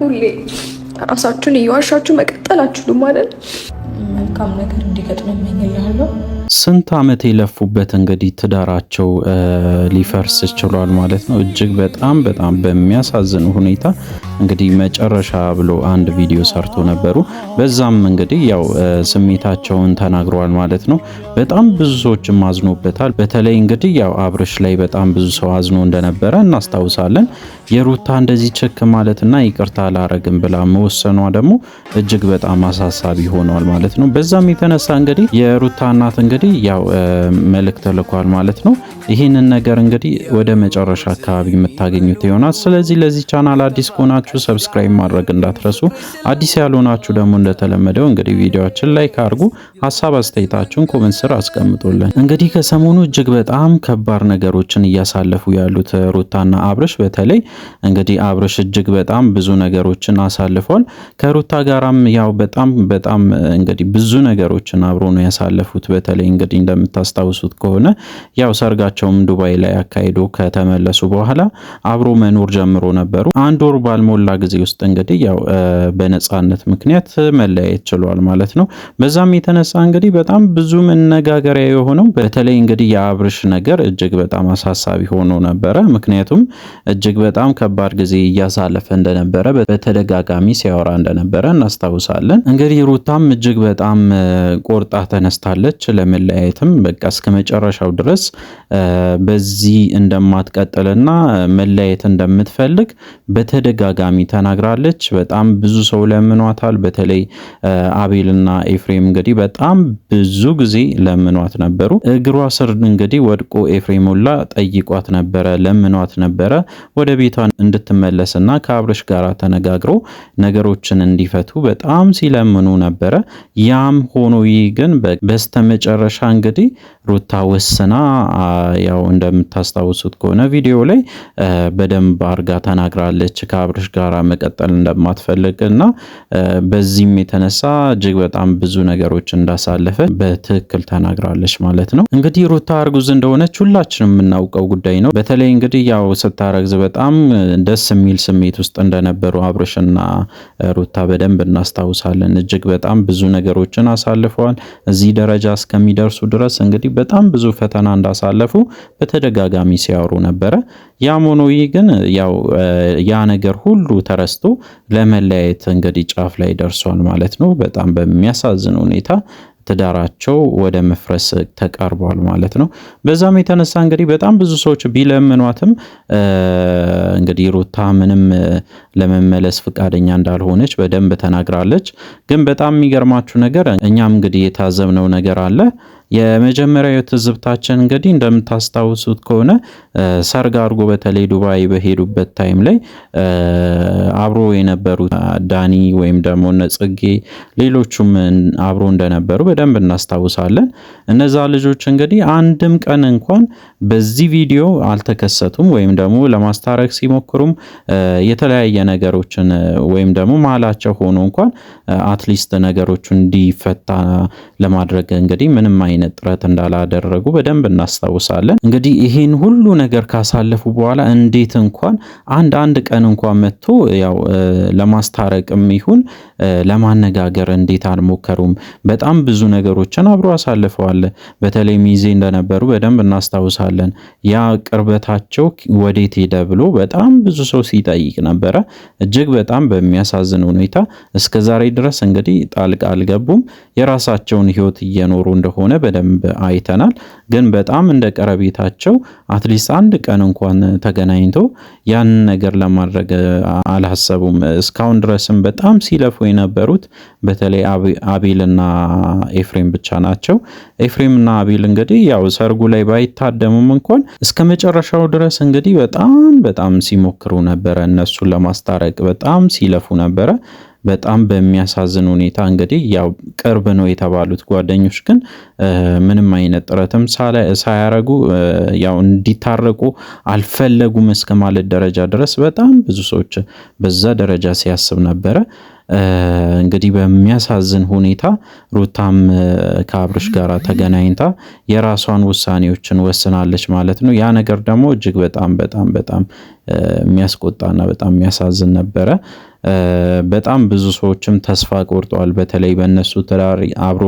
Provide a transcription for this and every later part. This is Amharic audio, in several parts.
ሁሌ ራሳችሁን እየዋሻችሁ መቀጠል አችሉም ማለት መልካም ነገር እንዲገጥመኝ እመኝልሃለሁ። ስንት ዓመት የለፉበት እንግዲህ ትዳራቸው ሊፈርስ ችሏል ማለት ነው። እጅግ በጣም በጣም በሚያሳዝን ሁኔታ እንግዲህ መጨረሻ ብሎ አንድ ቪዲዮ ሰርቶ ነበሩ። በዛም እንግዲህ ያው ስሜታቸውን ተናግረዋል ማለት ነው። በጣም ብዙ ሰዎችም አዝኖበታል። በተለይ እንግዲህ ያው አብርሽ ላይ በጣም ብዙ ሰው አዝኖ እንደነበረ እናስታውሳለን። የሩታ እንደዚህ ችክ ማለትና ይቅርታ አላረግም ብላ መወሰኗ ደግሞ እጅግ በጣም አሳሳቢ ሆኗል ማለት ነው። በዛም የተነሳ እንግዲህ የሩታ እናት እንግዲህ እንግዲህ ያው መልእክት ተልኳል ማለት ነው። ይህንን ነገር እንግዲህ ወደ መጨረሻ አካባቢ የምታገኙት ይሆናል። ስለዚህ ለዚህ ቻናል አዲስ ከሆናችሁ ሰብስክራይብ ማድረግ እንዳትረሱ። አዲስ ያልሆናችሁ ደግሞ እንደተለመደው እንግዲህ ቪዲዮችን ላይክ አድርጉ፣ ሀሳብ አስተያየታችሁን ኮመንት ስር አስቀምጡልን። እንግዲህ ከሰሞኑ እጅግ በጣም ከባድ ነገሮችን እያሳለፉ ያሉት ሩታና አብርሽ በተለይ እንግዲህ አብርሽ እጅግ በጣም ብዙ ነገሮችን አሳልፏል። ከሩታ ጋራም ያው በጣም በጣም እንግዲህ ብዙ ነገሮችን አብሮ ነው ያሳለፉት በተለይ እንግዲህ እንደምታስታውሱት ከሆነ ያው ሰርጋቸውም ዱባይ ላይ አካሂዶ ከተመለሱ በኋላ አብሮ መኖር ጀምሮ ነበሩ። አንድ ወር ባልሞላ ጊዜ ውስጥ እንግዲህ ያው በነጻነት ምክንያት መለያየት ችሏል ማለት ነው። በዛም የተነሳ እንግዲህ በጣም ብዙ መነጋገሪያ የሆነው በተለይ እንግዲህ የአብርሽ ነገር እጅግ በጣም አሳሳቢ ሆኖ ነበረ። ምክንያቱም እጅግ በጣም ከባድ ጊዜ እያሳለፈ እንደነበረ በተደጋጋሚ ሲያወራ እንደነበረ እናስታውሳለን። እንግዲህ ሩታም እጅግ በጣም ቆርጣ ተነስታለች። ለምን አንለያየትም፣ በቃ እስከ መጨረሻው ድረስ በዚህ እንደማትቀጥልና መለያየት እንደምትፈልግ በተደጋጋሚ ተናግራለች። በጣም ብዙ ሰው ለምኗታል። በተለይ አቤልና ኤፍሬም እንግዲህ በጣም ብዙ ጊዜ ለምኗት ነበሩ። እግሯ ስር እንግዲህ ወድቆ ኤፍሬም ሁላ ጠይቋት ነበረ፣ ለምኗት ነበረ ወደ ቤቷ እንድትመለስና ከአብረሽ ጋር ተነጋግሮ ነገሮችን እንዲፈቱ በጣም ሲለምኑ ነበረ። ያም ሆኖ ይህ ግን በስተመጨረሻ እንግዲህ ሩታ ወስና ያው እንደምታስታውሱት ከሆነ ቪዲዮ ላይ በደንብ አርጋ ተናግራለች ከአብርሽ ጋር መቀጠል እንደማትፈልግ እና በዚህም የተነሳ እጅግ በጣም ብዙ ነገሮች እንዳሳለፈ በትክክል ተናግራለች ማለት ነው። እንግዲህ ሩታ እርጉዝ እንደሆነች ሁላችንም የምናውቀው ጉዳይ ነው። በተለይ እንግዲህ ያው ስታረግዝ በጣም ደስ የሚል ስሜት ውስጥ እንደነበሩ አብርሽና ሩታ በደንብ እናስታውሳለን። እጅግ በጣም ብዙ ነገሮችን አሳልፈዋል። እዚህ ደረጃ እስከሚደርሱ ድረስ እንግዲህ በጣም ብዙ ፈተና እንዳሳለፈ እንደሚያሸንፉ በተደጋጋሚ ሲያወሩ ነበረ። ያም ሆኖ ግን ያው ያ ነገር ሁሉ ተረስቶ ለመለያየት እንግዲህ ጫፍ ላይ ደርሷል ማለት ነው። በጣም በሚያሳዝን ሁኔታ ትዳራቸው ወደ መፍረስ ተቃርቧል ማለት ነው። በዛም የተነሳ እንግዲህ በጣም ብዙ ሰዎች ቢለምኗትም እንግዲህ ሩታ ምንም ለመመለስ ፍቃደኛ እንዳልሆነች በደንብ ተናግራለች። ግን በጣም የሚገርማችሁ ነገር እኛም እንግዲህ የታዘብነው ነገር አለ የመጀመሪያው ትዝብታችን እንግዲህ እንደምታስታውሱት ከሆነ ሰርግ አድርጎ በተለይ ዱባይ በሄዱበት ታይም ላይ አብሮ የነበሩ ዳኒ ወይም ደግሞ እነ ጽጌ ሌሎቹም አብሮ እንደነበሩ በደንብ እናስታውሳለን። እነዛ ልጆች እንግዲህ አንድም ቀን እንኳን በዚህ ቪዲዮ አልተከሰቱም ወይም ደግሞ ለማስታረቅ ሲሞክሩም የተለያየ ነገሮችን ወይም ደግሞ መሀላቸው ሆኖ እንኳን አትሊስት ነገሮቹ እንዲፈታ ለማድረግ እንግዲህ ምንም አይነት አይነት ጥረት እንዳላደረጉ በደንብ እናስታውሳለን። እንግዲህ ይህን ሁሉ ነገር ካሳለፉ በኋላ እንዴት እንኳን አንድ አንድ ቀን እንኳን መጥቶ ያው ለማስታረቅም ይሁን ለማነጋገር እንዴት አልሞከሩም? በጣም ብዙ ነገሮችን አብሮ አሳልፈዋል። በተለይ ሚዜ እንደነበሩ በደንብ እናስታውሳለን። ያ ቅርበታቸው ወዴት ሄደ ብሎ በጣም ብዙ ሰው ሲጠይቅ ነበረ። እጅግ በጣም በሚያሳዝን ሁኔታ እስከ ዛሬ ድረስ እንግዲህ ጣልቃ አልገቡም። የራሳቸውን ህይወት እየኖሩ እንደሆነ በደንብ አይተናል። ግን በጣም እንደ ቀረቤታቸው አትሊስት አንድ ቀን እንኳን ተገናኝቶ ያንን ነገር ለማድረግ አላሰቡም። እስካሁን ድረስም በጣም ሲለፉ የነበሩት በተለይ አቤልና ኤፍሬም ብቻ ናቸው። ኤፍሬምና አቤል እንግዲህ ያው ሰርጉ ላይ ባይታደሙም እንኳን እስከ መጨረሻው ድረስ እንግዲህ በጣም በጣም ሲሞክሩ ነበረ እነሱን ለማስታረቅ በጣም ሲለፉ ነበረ። በጣም በሚያሳዝን ሁኔታ እንግዲህ ያው ቅርብ ነው የተባሉት ጓደኞች ግን ምንም አይነት ጥረትም ሳያረጉ ያው እንዲታረቁ አልፈለጉም እስከ ማለት ደረጃ ድረስ በጣም ብዙ ሰዎች በዛ ደረጃ ሲያስብ ነበረ። እንግዲህ በሚያሳዝን ሁኔታ ሩታም ከአብርሽ ጋር ተገናኝታ የራሷን ውሳኔዎችን ወስናለች ማለት ነው። ያ ነገር ደግሞ እጅግ በጣም በጣም በጣም የሚያስቆጣና በጣም የሚያሳዝን ነበረ። በጣም ብዙ ሰዎችም ተስፋ ቆርጠዋል። በተለይ በእነሱ ትዳር አብሮ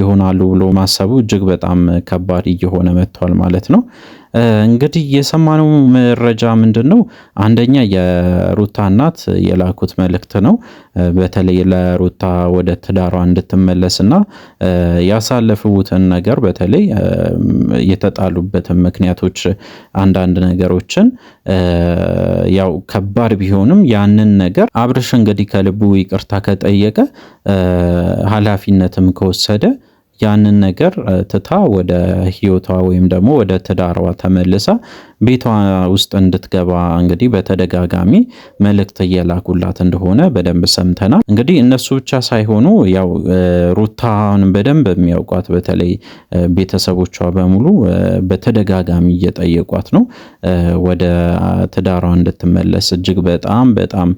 ይሆናሉ ብሎ ማሰቡ እጅግ በጣም ከባድ እየሆነ መጥቷል ማለት ነው። እንግዲህ የሰማነው መረጃ ምንድን ነው? አንደኛ የሩታ እናት የላኩት መልእክት ነው። በተለይ ለሩታ ወደ ትዳሯ እንድትመለስና ያሳለፉትን ነገር በተለይ የተጣሉበትን ምክንያቶች፣ አንዳንድ ነገሮችን ያው ከባድ ቢሆንም ያንን ነገር አብርሽ እንግዲህ ከልቡ ይቅርታ ከጠየቀ ኃላፊነትም ከወሰደ ያንን ነገር ትታ ወደ ህይወቷ ወይም ደግሞ ወደ ትዳሯ ተመልሳ ቤቷ ውስጥ እንድትገባ እንግዲህ በተደጋጋሚ መልእክት እየላኩላት እንደሆነ በደንብ ሰምተናል። እንግዲህ እነሱ ብቻ ሳይሆኑ ያው ሩታን በደንብ የሚያውቋት በተለይ ቤተሰቦቿ በሙሉ በተደጋጋሚ እየጠየቋት ነው ወደ ትዳሯ እንድትመለስ እጅግ በጣም በጣም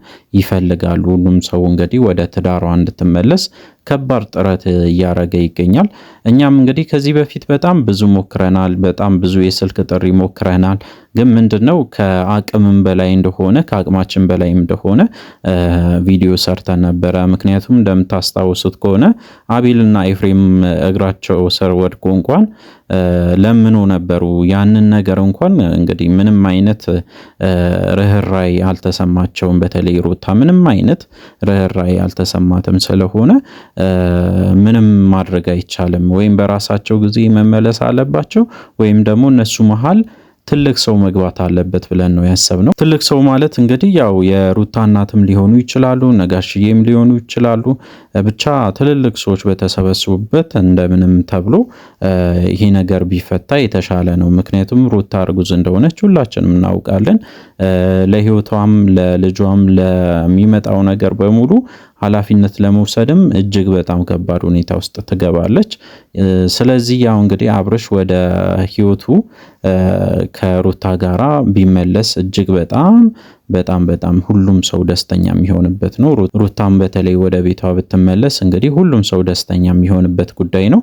ይፈልጋሉ። ሁሉም ሰው እንግዲህ ወደ ትዳሯ እንድትመለስ ከባድ ጥረት እያደረገ ይገኛል። እኛም እንግዲህ ከዚህ በፊት በጣም ብዙ ሞክረናል። በጣም ብዙ የስልክ ጥሪ ሞክረናል። ግን ምንድነው ከአቅምም በላይ እንደሆነ ከአቅማችን በላይም እንደሆነ ቪዲዮ ሰርተን ነበረ። ምክንያቱም እንደምታስታውሱት ከሆነ አቤልና ኤፍሬም እግራቸው ስር ወድቆ እንኳን ለምኖ ነበሩ። ያንን ነገር እንኳን እንግዲህ ምንም አይነት ርኅራይ አልተሰማቸውም። በተለይ ሩታ ምንም አይነት ርኅራይ አልተሰማትም። ስለሆነ ምንም ማድረግ አይቻልም። ወይም በራሳቸው ጊዜ መመለስ አለባቸው ወይም ደግሞ እነሱ መሀል ትልቅ ሰው መግባት አለበት ብለን ነው ያሰብነው። ትልቅ ሰው ማለት እንግዲህ ያው የሩታ እናትም ሊሆኑ ይችላሉ፣ ነጋሽዬም ሊሆኑ ይችላሉ። ብቻ ትልልቅ ሰዎች በተሰበሰቡበት እንደምንም ተብሎ ይሄ ነገር ቢፈታ የተሻለ ነው። ምክንያቱም ሩታ እርጉዝ እንደሆነች ሁላችንም እናውቃለን። ለሕይወቷም ለልጇም ለሚመጣው ነገር በሙሉ ኃላፊነት ለመውሰድም እጅግ በጣም ከባድ ሁኔታ ውስጥ ትገባለች። ስለዚህ ያው እንግዲህ አብርሽ ወደ ህይወቱ ከሩታ ጋራ ቢመለስ እጅግ በጣም በጣም በጣም ሁሉም ሰው ደስተኛ የሚሆንበት ነው። ሩታም በተለይ ወደ ቤቷ ብትመለስ እንግዲህ ሁሉም ሰው ደስተኛ የሚሆንበት ጉዳይ ነው።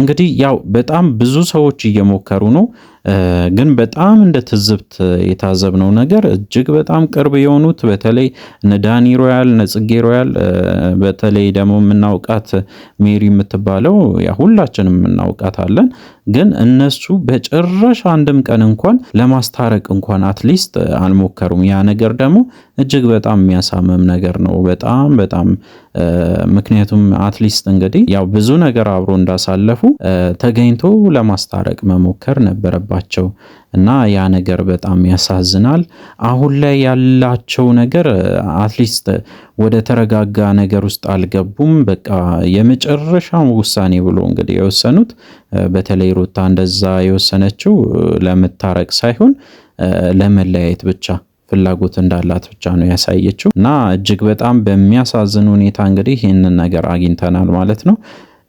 እንግዲህ ያው በጣም ብዙ ሰዎች እየሞከሩ ነው፣ ግን በጣም እንደ ትዝብት የታዘብነው ነገር እጅግ በጣም ቅርብ የሆኑት በተለይ እነ ዳኒ ሮያል፣ እነ ጽጌ ሮያል፣ በተለይ ደግሞ የምናውቃት ሜሪ የምትባለው ሁላችንም አለን። ግን እነሱ በጭራሽ አንድም ቀን እንኳን ለማስታረቅ እንኳን አትሊስት አልሞከሩም። ያ ነገር ደግሞ እጅግ በጣም የሚያሳምም ነገር ነው። በጣም በጣም ምክንያቱም አትሊስት እንግዲህ ያው ብዙ ነገር አብሮ እንዳሳለፉ ተገኝቶ ለማስታረቅ መሞከር ነበረባቸው። እና ያ ነገር በጣም ያሳዝናል። አሁን ላይ ያላቸው ነገር አትሊስት ወደ ተረጋጋ ነገር ውስጥ አልገቡም። በቃ የመጨረሻ ውሳኔ ብሎ እንግዲህ የወሰኑት በተለይ ሩታ እንደዛ የወሰነችው ለመታረቅ ሳይሆን ለመለያየት ብቻ ፍላጎት እንዳላት ብቻ ነው ያሳየችው እና እጅግ በጣም በሚያሳዝን ሁኔታ እንግዲህ ይህንን ነገር አግኝተናል ማለት ነው።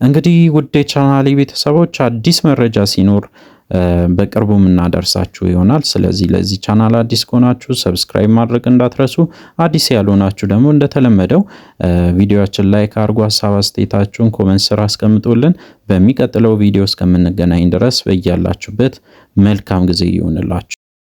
እንግዲህ ውድ የቻናሌ ቤተሰቦች አዲስ መረጃ ሲኖር በቅርቡ የምናደርሳችሁ ይሆናል። ስለዚህ ለዚህ ቻናል አዲስ ከሆናችሁ ሰብስክራይብ ማድረግ እንዳትረሱ። አዲስ ያልሆናችሁ ደግሞ እንደተለመደው ቪዲዮችን ላይክ አድርጉ፣ ሀሳብ አስተያየታችሁን ኮመንት ስራ አስቀምጡልን። በሚቀጥለው ቪዲዮ እስከምንገናኝ ድረስ በያላችሁበት መልካም ጊዜ ይሆንላችሁ።